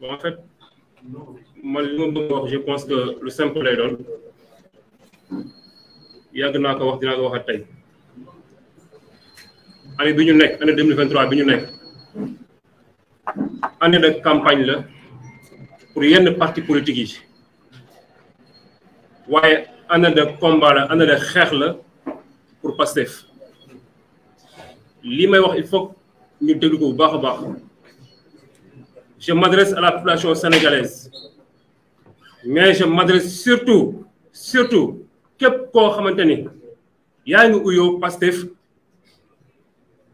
bon en fait man li ma bëgg wax je pense que lu simple lay doon yàgg naa ko wax dinaa ko waxaat tey année bi ñu nekk année 2023 bi ñu nekk année de campagne la pour yenn parti politique yi waaye année de combat la année de xeex la pour Pastef lii may wax il faut ñu déglu bu baax a baax. je m'adresse à la population sénégalaise mais je m'adresse surtout surtout képp koo xamante ni yaa ngi uyoo Pastef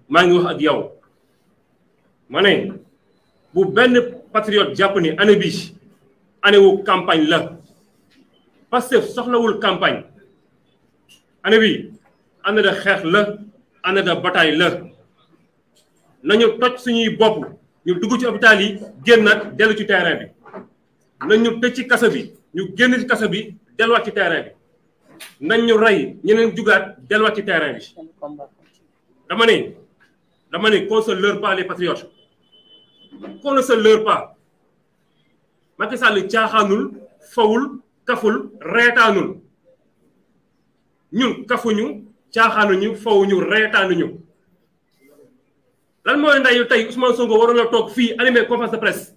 maa ngi wax ak yow ma ne bu benn patriote jàpp ni année bi année wu campagne la Pastef soxlawul campagne année bi année xeex la année de bataille la nañu toj suñuy bopp ñu dugg ci hôpital yi génn génnaat dellu ci terrain bi nañ ñu tëj ci kaso bi ñu génn ci kaso bi delluwaat ci terrain bi nañ ñu rey ñeneen jugaat delluwaat ci terrain bi dama ne dama ne qu'on se leurre pas les patriotes qu'on ne se leurre pas Macky Sall caaxaanul fawul kaful reetaanul ñun kafuñu caaxaanuñu fawuñu reetaanuñu lan mooy ndayu tey Ousmane Sonko waroon na toog fii animé conférence de presse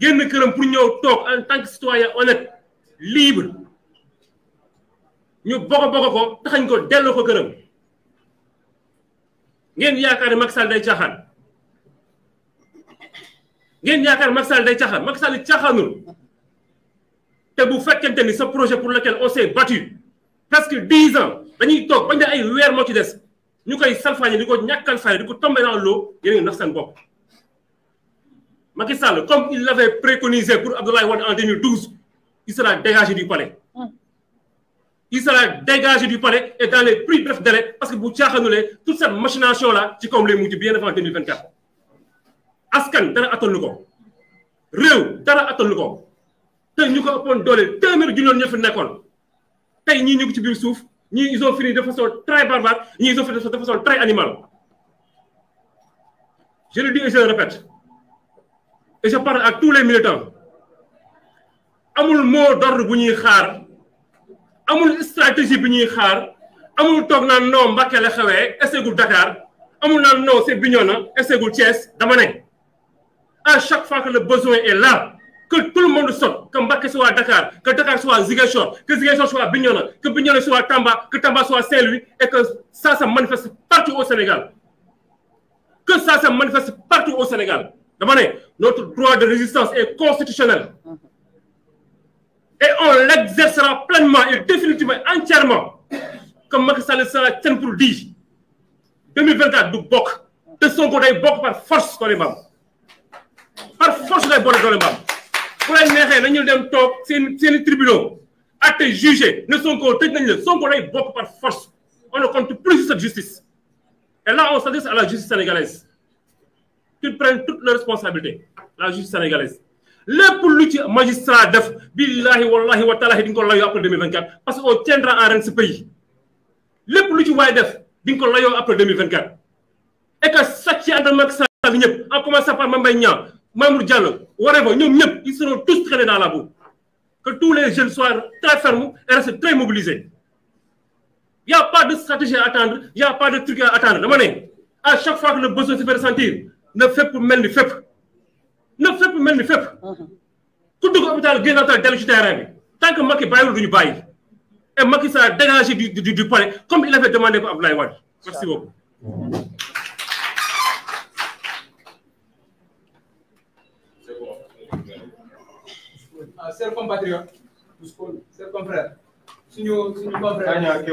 génn këram pour ñëw toog en tant que citoyen honnête libre ñu boko boko ko taxañ ko delloo ko këram ngeen yaakaar ne day caaxaan ngeen yaakaar Macky day caaxaan Macky Sall caaxaanul te bu fekkente ni sa projet pour lequel on s'est battu presque dix ans dañuy toog bañ ne ay weer moo ci des ñu koy salfaañe di ko ñàkkal fay di ko tombé dans l'eau yéen seen bopp Macky Sall comme il l'avait préconisé pour Abdoulaye Wade en 2012 il sera dégagé du palais mm. il sera dégagé du palais et dans les plus brefs délais parce que bu caaxaanulee toute cette machination la ci kawam lay mujj bien avant 2024 askan dara attalu ko réew dara attalu ko te ñu ko opoon doole téeméer junniyoon ñoo fa nekkoon tey ñii ñu ngi ci biir suuf ñii ils ont fini de façon très barbare ñii ils ont fini de façon très animale je le dis et je le répète et à tous les militants amul mot d'ordre bu ñuy xaar amul stratégie bu ñuy xaar amul toog naan non Mbacké la xewee esegul Dakar amul naan non c'est Bignona esegul Thiès dama ne à chaque fois que le besoin est là que tout le monde saute, que Mbaké soit à Dakar, que Dakar soit à Ziguinchor, que Ziguinchor soit à Bignona, que Bignona soit à Tamba, que Tamba soit à Saint-Louis, et que ça se manifeste partout au Sénégal. Que ça se partout au Sénégal. Demandez, notre droit de résistance est constitutionnel. Et on l'exercera pleinement et définitivement, entièrement, comme Macky Sall sera tient pour dire. 2024 du bokk te Sonko day bokk par force doole mbaam par force day boole bu leen neexee nañu dem toog seen seen i tribunaux atte jugé ne Sonko tëj nañu la Sonko lay bokk par force on ne compte plus cette justice et là on s'adresse à la justice sénégalaise qu'ils prennent toutes leurs responsabilités la justice sénégalaise lépp lu ci magistrat def billahi wallahi wa taalahi di nga ko layoo après 2024 parce que on tiendra en règne ce pays lépp lu ci waay def di nga ko layoo après 2024 et que sàcc yi ànd ak Macky Sall ñëpp en commençant Mamour war whatever ñoom ñëpp ils seront tous traînés dans la boue que tous les jeunes soient très fermes et restent très mobilisés y' pas de stratégie à attendre y' a pas de truc à attendre dama ne à chaque fois que le besoin se fait ressentir na fépp mel ni fépp na fépp mel ni fépp. ku dugg hôpital génn hôpital dellu ci terrain bi tant que Macky bàyyiwul du ñu bàyyi et Macky sera dégagé du du du palais comme il avait demandé ko Abdoulaye Wade merci chers compatriotes, chers confrères suñu suñu confrère